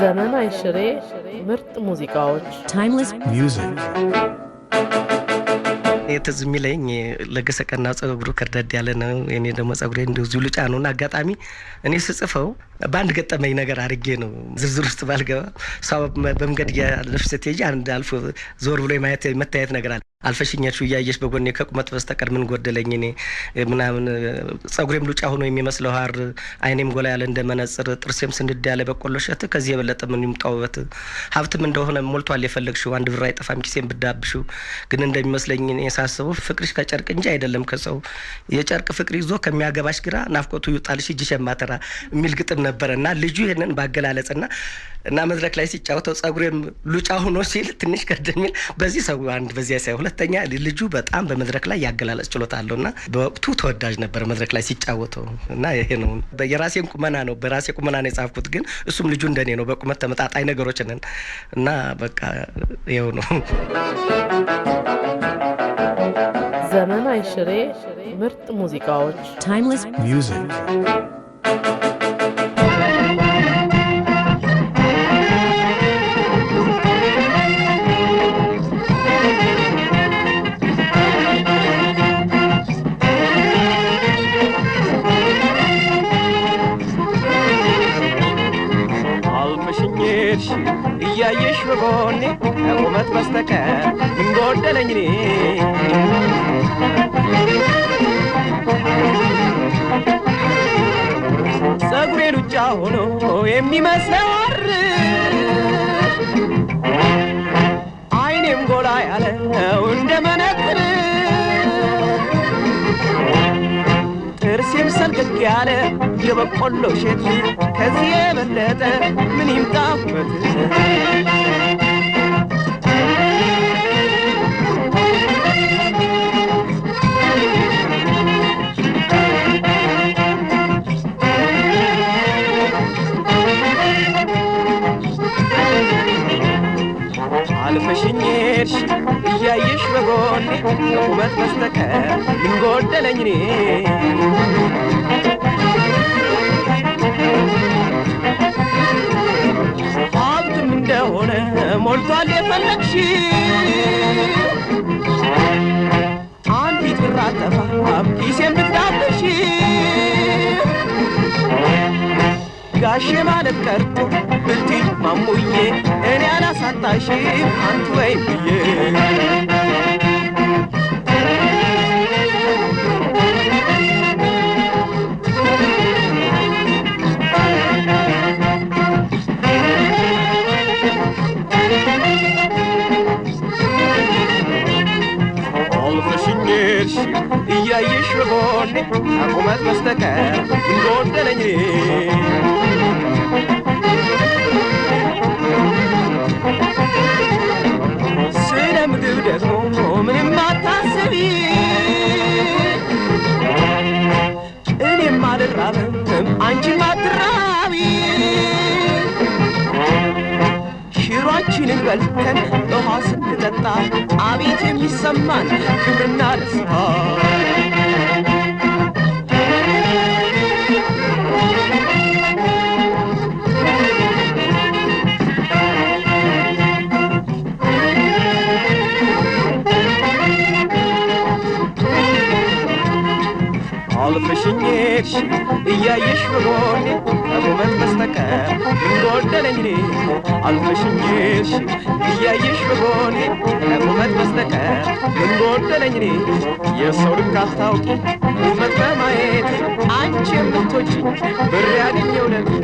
ዘመን አይሽሬ ምርጥ ሙዚቃዎች ታይምለስ ሚውዚክ ትዝ የሚለኝ ለገሰ ቀና ጸጉሩ ከርደድ ያለ ነው። እኔ ደግሞ ጸጉሬ እንደዚሁ ልጫ ነው እና አጋጣሚ እኔ ስጽፈው በአንድ ገጠመኝ ነገር አድርጌ ነው ዝርዝር ውስጥ ባልገባ እሷ በመንገድ እያለፍሽ ስትሄጂ አንድ አልፎ ዞር ብሎ የማየት መታየት ነገር አለ አልፈሽኛችሁ እያየሽ በጎኔ ከቁመት በስተቀር ምን ጎደለኝ እኔ ምናምን ጸጉሬም ሉጫ ሆኖ የሚመስለው ሀር አይኔም ጎላ ያለ እንደ መነጽር ጥርሴም ስንድ ያለ በቆሎ ሸት ከዚህ የበለጠ ምን ይምጣውበት ሀብትም እንደሆነ ሞልቷል የፈለግሽው አንድ ብር አይጠፋም ኪሴም ብዳብሽው ግን እንደሚመስለኝ እኔ ሳስበው ፍቅርሽ ከጨርቅ እንጂ አይደለም ከሰው የጨርቅ ፍቅር ይዞ ከሚያገባሽ ግራ ናፍቆቱ ይውጣልሽ እጅሽ የማተራ የሚል ግጥም ነበረ እና ልጁ ይህንን ባገላለጽና እና መድረክ ላይ ሲጫወተው ጸጉሬም ሉጫ ሆኖ ሲል ትንሽ ከድ የሚል በዚህ ሰው አንድ በዚያ ሳይ፣ ሁለተኛ ልጁ በጣም በመድረክ ላይ ያገላለጽ ችሎታ አለው እና በወቅቱ ተወዳጅ ነበር መድረክ ላይ ሲጫወተው እና ይሄ ነው የራሴን ቁመና ነው በራሴ ቁመና ነው የጻፍኩት። ግን እሱም ልጁ እንደኔ ነው፣ በቁመት ተመጣጣኝ ነገሮች ነን እና በቃ ይኸው ነው። ዘመን አይሽሬ ምርጥ ሙዚቃዎች ታይምለስ ሚውዚክ አየሽ በጎኔ ከቁመት በስተቀር ምን ጎደለኝ እኔ ጸጉሬ ሉጫ ሆኖ የሚመስለው አር አይኔም ጎላ ያለው እንደ መነጥር ጥርሴም ሰልገግ ያለ የበቆሎ ሸት ከዚ ሄድሽ እያየሽ በጎኔ ከቁመት በስተቀር ምን ጎደለኝ እኔ ሀብትም እንደሆነ ሞልቷል የፈለግሽ አንዲት ብራጠፋ ኪሴን ብትዳብሽ ጋሼ ማለት ቀርቶ ብልቲ ማሙዬ እኔ አላሳጣሽም አንቱ ወይ ብዬ እያየሽ በጎኔ ከቁመት በስተቀር እንደወደነኝ በልተን ውሃ ስንጠጣ አቤት የሚሰማን ክብርና ደስታ አልፈሽኝ ሄድሽ እያየሽ በጎኔ ከመመን በስተቀር ምን ጎደለ እንግዲህ አልፈሽኝ ሄድሽ እያየሽ በጎኔ ከመመን በስተቀር ምን ጎደለ የሰው ልክ አታውቂ ውበት በማየት አንቺ የምትወጪ ብር ያገኘውለት